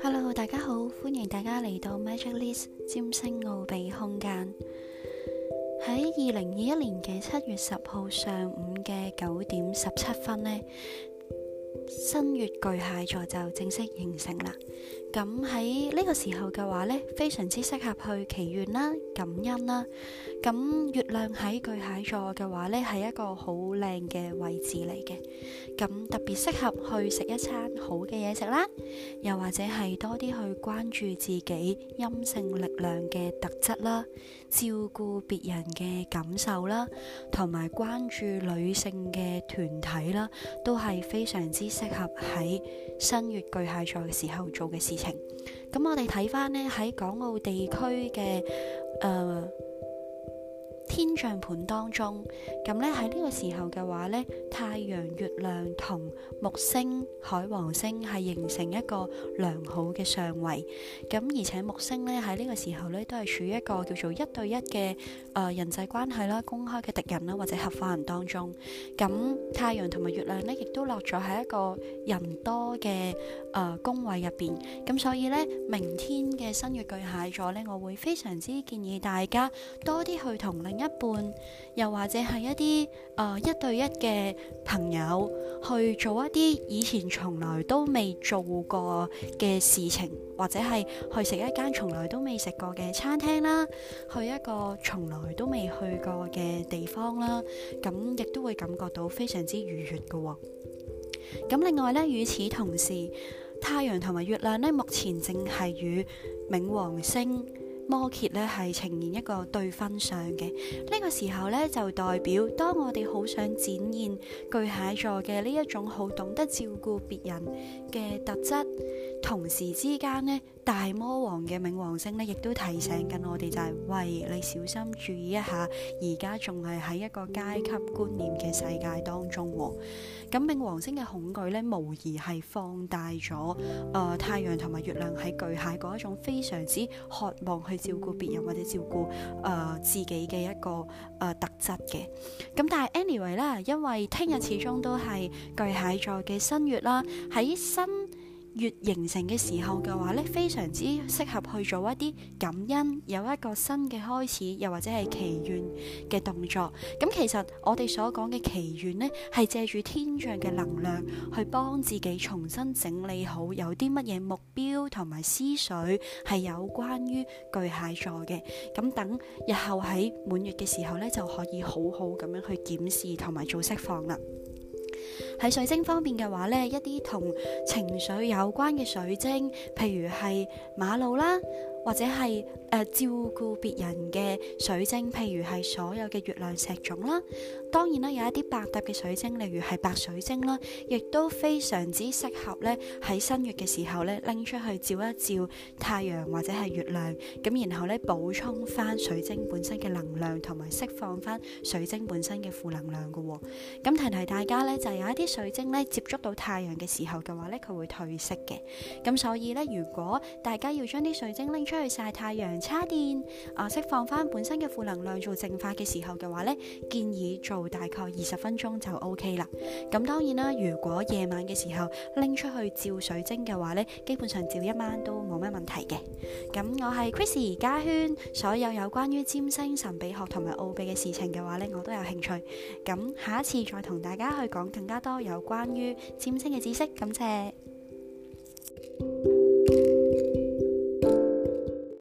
Hello，大家好，歡迎大家嚟到 Magicklis 占星奧秘空間。喺二零二一年嘅七月十號上午嘅九點十七分呢，新月巨蟹座就正式形成啦。咁喺呢個時候嘅話咧，非常之適合去祈願啦、感恩啦。咁月亮喺巨蟹座嘅話咧，係一個好靚嘅位置嚟嘅。咁特別適合去食一餐好嘅嘢食啦，又或者係多啲去關注自己陰性力量嘅特質啦，照顧別人嘅感受啦，同埋關注女性嘅團體啦，都係非常之適合喺新月巨蟹座嘅時候做嘅事情。咁我哋睇翻呢，喺港澳地區嘅、誒，呃天象盤當中，咁呢喺呢個時候嘅話呢，太陽、月亮同木星、海王星係形成一個良好嘅相位，咁而且木星呢喺呢個時候呢都係處於一個叫做一對一嘅，呃、人際關係啦、公開嘅敵人啦或者合夥人當中，咁太陽同埋月亮呢亦都落咗喺一個人多嘅，誒、呃、宮位入邊，咁所以呢，明天嘅新月巨蟹座呢，我會非常之建議大家多啲去同另一半，又或者係一啲誒、呃、一對一嘅朋友，去做一啲以前從來都未做過嘅事情，或者係去食一間從來都未食過嘅餐廳啦，去一個從來都未去過嘅地方啦，咁、啊、亦都會感覺到非常之愉悦噶、哦。咁另外呢，與此同時，太陽同埋月亮呢，目前正係與冥王星。摩羯咧，係呈現一個對分相嘅。呢個時候咧就代表，當我哋好想展現巨蟹座嘅呢一種好懂得照顧別人嘅特質。同時之間呢，大魔王嘅冥王星呢亦都提醒緊我哋就係、是，喂，你小心注意一下，而家仲係喺一個階級觀念嘅世界當中喎、哦。咁冥王星嘅恐懼呢，無疑係放大咗、呃、太陽同埋月亮喺巨蟹嗰一種非常之渴望去照顧別人或者照顧誒、呃、自己嘅一個誒、呃、特質嘅。咁但係 anyway 啦，因為聽日始終都係巨蟹座嘅新月啦，喺新月形成嘅時候嘅話呢，非常之適合去做一啲感恩，有一個新嘅開始，又或者係祈願嘅動作。咁其實我哋所講嘅祈願呢，係借住天象嘅能量去幫自己重新整理好，有啲乜嘢目標同埋思緒係有關於巨蟹座嘅。咁等日後喺滿月嘅時候呢，就可以好好咁樣去檢視同埋做釋放啦。喺水晶方面嘅話，呢一啲同情緒有關嘅水晶，譬如係瑪瑙啦。或者係誒、呃、照顧別人嘅水晶，譬如係所有嘅月亮石種啦。當然啦，有一啲百搭嘅水晶，例如係白水晶啦，亦都非常之適合呢。喺新月嘅時候呢，拎出去照一照太陽或者係月亮，咁然後呢補充返水晶本身嘅能量，同埋釋放返水晶本身嘅負能量嘅喎、哦。咁提提大家呢，就係、是、有一啲水晶呢，接觸到太陽嘅時候嘅話呢，佢會褪色嘅。咁所以呢，如果大家要將啲水晶拎出，出去晒太陽、插電、啊釋放翻本身嘅負能量做淨化嘅時候嘅話呢，建議做大概二十分鐘就 OK 啦。咁當然啦，如果夜晚嘅時候拎出去照水晶嘅話呢，基本上照一晚都冇咩問題嘅。咁我係 Chris 而家圈所有有關於占星、神秘學同埋奧秘嘅事情嘅話呢，我都有興趣。咁下一次再同大家去講更加多有關於占星嘅知識。感謝。